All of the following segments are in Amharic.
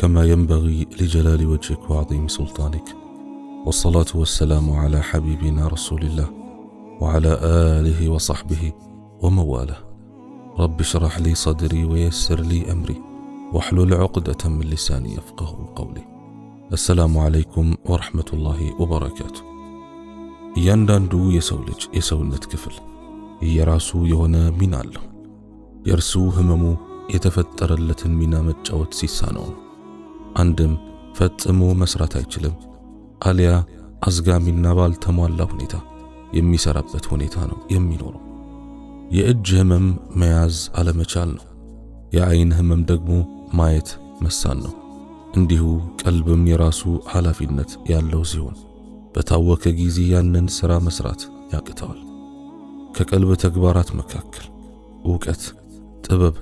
كما ينبغي لجلال وجهك وعظيم سلطانك والصلاة والسلام على حبيبنا رسول الله وعلى آله وصحبه ومواله رب اشرح لي صدري ويسر لي أمري واحلل عقدة من لساني يفقه قولي السلام عليكم ورحمة الله وبركاته እያንዳንዱ የሰው ልጅ የሰውነት ክፍል የራሱ የሆነ ሚና አለው። የእርሱ ህመሙ የተፈጠረለትን ሚና መጫወት ሲሳነው ነው። አንድም ፈጽሞ መስራት አይችልም፣ አሊያ አዝጋሚና ባልተሟላ ሁኔታ የሚሰራበት ሁኔታ ነው የሚኖረው። የእጅ ህመም መያዝ አለመቻል ነው። የአይን ህመም ደግሞ ማየት መሳን ነው። እንዲሁ ቀልብም የራሱ ኃላፊነት ያለው ሲሆን በታወከ ጊዜ ያንን ሥራ መስራት ያቅተዋል። ከቀልብ ተግባራት መካከል እውቀት፣ ጥበብ፣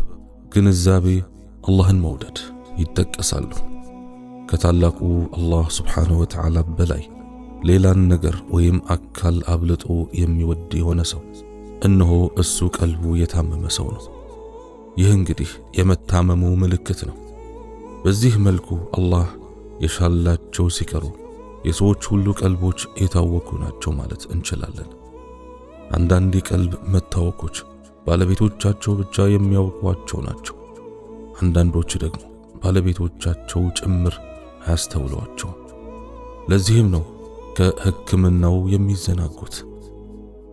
ግንዛቤ፣ አላህን መውደድ ይጠቀሳሉ። ከታላቁ አላህ ስብሓነሁ ወተዓላ በላይ ሌላን ነገር ወይም አካል አብልጦ የሚወድ የሆነ ሰው እነሆ እሱ ቀልቡ የታመመ ሰው ነው። ይህ እንግዲህ የመታመሙ ምልክት ነው። በዚህ መልኩ አላህ የሻላቸው ሲቀሩ የሰዎች ሁሉ ቀልቦች የታወኩ ናቸው ማለት እንችላለን። አንዳንድ የቀልብ መታወኮች ባለቤቶቻቸው ብቻ የሚያውቋቸው ናቸው። አንዳንዶች ደግሞ ባለቤቶቻቸው ጭምር አያስተውሏቸው። ለዚህም ነው ከሕክምናው የሚዘናጉት።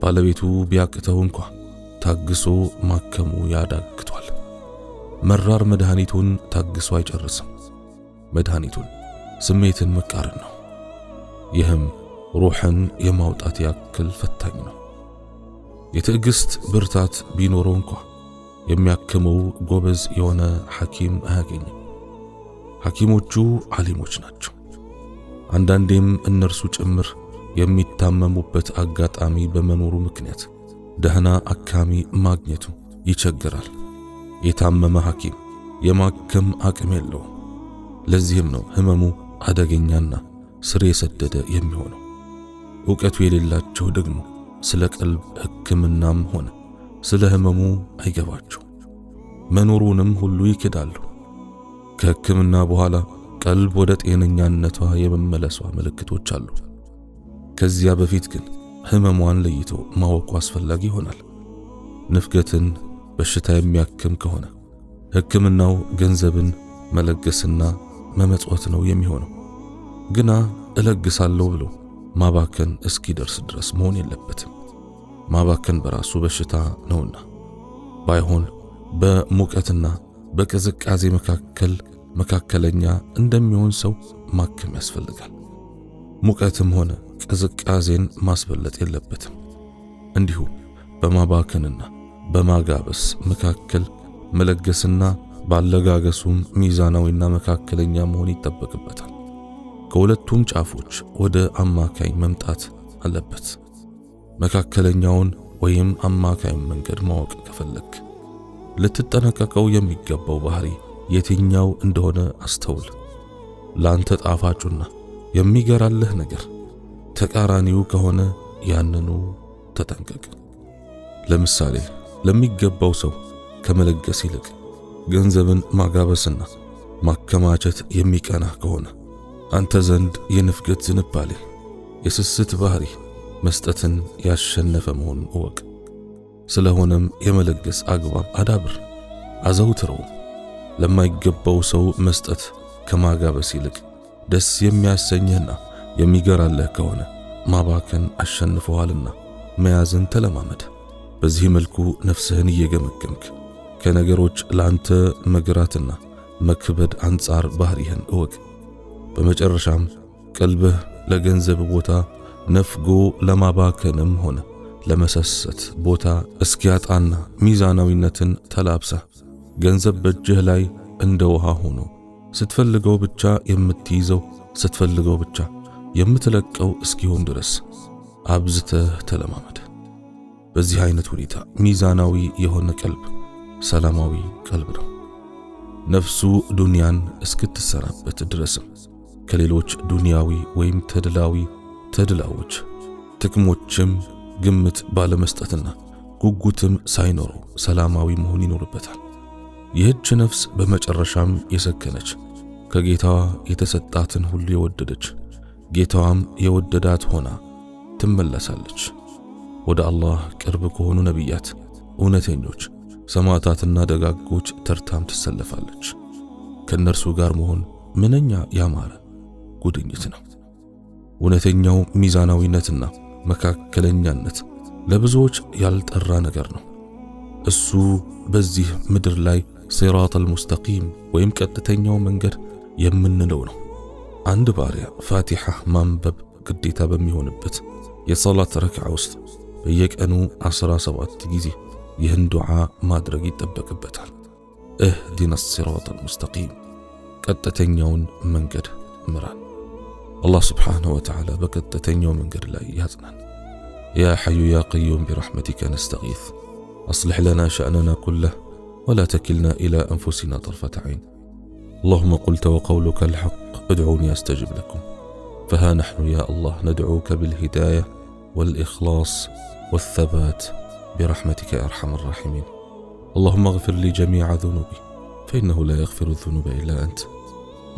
ባለቤቱ ቢያቅተው እንኳ ታግሶ ማከሙ ያዳግቷል። መራር መድኃኒቱን ታግሶ አይጨርስም። መድኃኒቱን ስሜትን መቃረን ነው። ይህም ሩሕን የማውጣት ያክል ፈታኝ ነው። የትዕግሥት ብርታት ቢኖረው እንኳ የሚያክመው ጎበዝ የሆነ ሐኪም አያገኝም። ሐኪሞቹ ዓሊሞች ናቸው። አንዳንዴም እነርሱ ጭምር የሚታመሙበት አጋጣሚ በመኖሩ ምክንያት ደህና አካሚ ማግኘቱ ይቸግራል። የታመመ ሐኪም የማከም አቅም የለውም። ለዚህም ነው ህመሙ አደገኛና ስር የሰደደ የሚሆነው። እውቀቱ የሌላቸው ደግሞ ስለ ቀልብ ሕክምናም ሆነ ስለ ህመሙ አይገባቸው፣ መኖሩንም ሁሉ ይክዳሉ። ከሕክምና በኋላ ቀልብ ወደ ጤነኛነቷ የመመለሷ ምልክቶች አሉ። ከዚያ በፊት ግን ህመሟን ለይቶ ማወቁ አስፈላጊ ይሆናል። ንፍገትን በሽታ የሚያክም ከሆነ ሕክምናው ገንዘብን መለገስና መመጽወት ነው የሚሆነው። ግና እለግሳለሁ ብሎ ማባከን እስኪደርስ ድረስ መሆን የለበትም። ማባከን በራሱ በሽታ ነውና፣ ባይሆን በሙቀትና በቅዝቃዜ መካከል መካከለኛ እንደሚሆን ሰው ማከም ያስፈልጋል። ሙቀትም ሆነ ቅዝቃዜን ማስበለጥ የለበትም። እንዲሁ በማባከንና በማጋበስ መካከል መለገስና ባለጋገሱም ሚዛናዊና መካከለኛ መሆን ይጠበቅበታል። ከሁለቱም ጫፎች ወደ አማካይ መምጣት አለበት። መካከለኛውን ወይም አማካይ መንገድ ማወቅ ከፈለግ ልትጠነቀቀው የሚገባው ባህሪ የትኛው እንደሆነ አስተውል። ላንተ ጣፋጩና የሚገራልህ ነገር ተቃራኒው ከሆነ ያንኑ ተጠንቀቅ። ለምሳሌ ለሚገባው ሰው ከመለገስ ይልቅ ገንዘብን ማጋበስና ማከማቸት የሚቀና ከሆነ አንተ ዘንድ የንፍገት ዝንባሌ፣ የስስት ባህሪ መስጠትን ያሸነፈ መሆኑን እወቅ። ስለሆነም የመለገስ አግባብ አዳብር፣ አዘውትረውም? ለማይገባው ሰው መስጠት ከማጋበስ ይልቅ ደስ የሚያሰኝህና የሚገራለህ ከሆነ ማባከን አሸንፈዋልና መያዝን ተለማመድ። በዚህ መልኩ ነፍስህን እየገመገምክ ከነገሮች ላንተ መግራትና መክበድ አንጻር ባህሪህን እወቅ። በመጨረሻም ቀልብህ ለገንዘብ ቦታ ነፍጎ ለማባከንም ሆነ ለመሰሰት ቦታ እስኪያጣና ሚዛናዊነትን ተላብሰህ ገንዘብ በእጅህ ላይ እንደ ውሃ ሆኖ ስትፈልገው ብቻ የምትይዘው ስትፈልገው ብቻ የምትለቀው እስኪሆን ድረስ አብዝተህ ተለማመድ። በዚህ አይነት ሁኔታ ሚዛናዊ የሆነ ቀልብ ሰላማዊ ቀልብ ነው። ነፍሱ ዱንያን እስክትሰራበት ድረስም ከሌሎች ዱንያዊ ወይም ተድላዊ ተድላዎች ጥቅሞችም ግምት ባለመስጠትና ጉጉትም ሳይኖረው ሰላማዊ መሆን ይኖርበታል። ይህች ነፍስ በመጨረሻም የሰከነች ከጌታዋ የተሰጣትን ሁሉ የወደደች ጌታዋም የወደዳት ሆና ትመለሳለች። ወደ አላህ ቅርብ ከሆኑ ነቢያት፣ እውነተኞች ሰማዕታትና ደጋጎች ተርታም ትሰለፋለች። ከእነርሱ ጋር መሆን ምንኛ ያማረ ጉድኝት ነው። እውነተኛው ሚዛናዊነትና መካከለኛነት ለብዙዎች ያልጠራ ነገር ነው። እሱ በዚህ ምድር ላይ ሲራጥ አልሙስተቂም ወይም ቀጥተኛው መንገድ የምንለው ነው። አንድ ባሪያ ፋቲሐ ማንበብ ግዴታ በሚሆንበት የሰላት ረክዓ ውስጥ በየቀኑ 17 ጊዜ ይህን ዱዓ ማድረግ ይጠበቅበታል። እህዲነ ሲራጥ አልሙስተቂም ቀጥተኛውን መንገድ ምራን። አላህ ስብሓንሁ ወተዓላ በቀጥተኛው መንገድ ላይ ያጽናን። ያ ሐዩ ያ ቀዩም ቢረሕመቲከ ነስተጊፍ አስልሕ ለና ሸእነና ኩለህ ولا تكلنا إلى أنفسنا طرفة عين اللهم قلت وقولك الحق ادعوني أستجب لكم فها نحن يا الله ندعوك بالهداية والإخلاص والثبات برحمتك يا أرحم الراحمين اللهم اغفر لي جميع ذنوبي فإنه لا يغفر الذنوب إلا أنت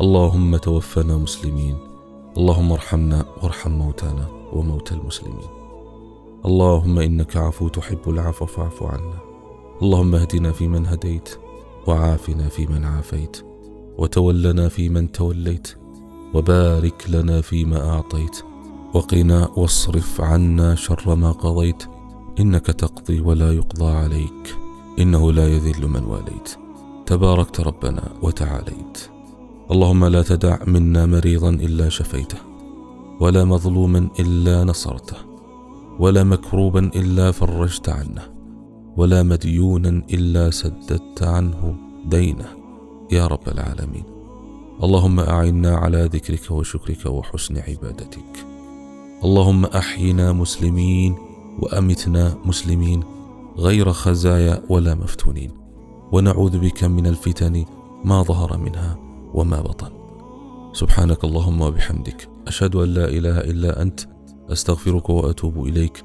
اللهم توفنا مسلمين اللهم ارحمنا وارحم موتانا وموتى المسلمين اللهم إنك عفو تحب العفو فاعف عنا اللهم اهدنا فيمن هديت وعافنا فيمن عافيت وتولنا فيمن توليت وبارك لنا فيما اعطيت وقنا واصرف عنا شر ما قضيت انك تقضي ولا يقضى عليك انه لا يذل من واليت تباركت ربنا وتعاليت اللهم لا تدع منا مريضا الا شفيته ولا مظلوما الا نصرته ولا مكروبا الا فرجت عنه ولا مديونا الا سددت عنه دينه يا رب العالمين اللهم اعنا على ذكرك وشكرك وحسن عبادتك اللهم احينا مسلمين وامتنا مسلمين غير خزايا ولا مفتونين ونعوذ بك من الفتن ما ظهر منها وما بطن سبحانك اللهم وبحمدك اشهد ان لا اله الا انت استغفرك واتوب اليك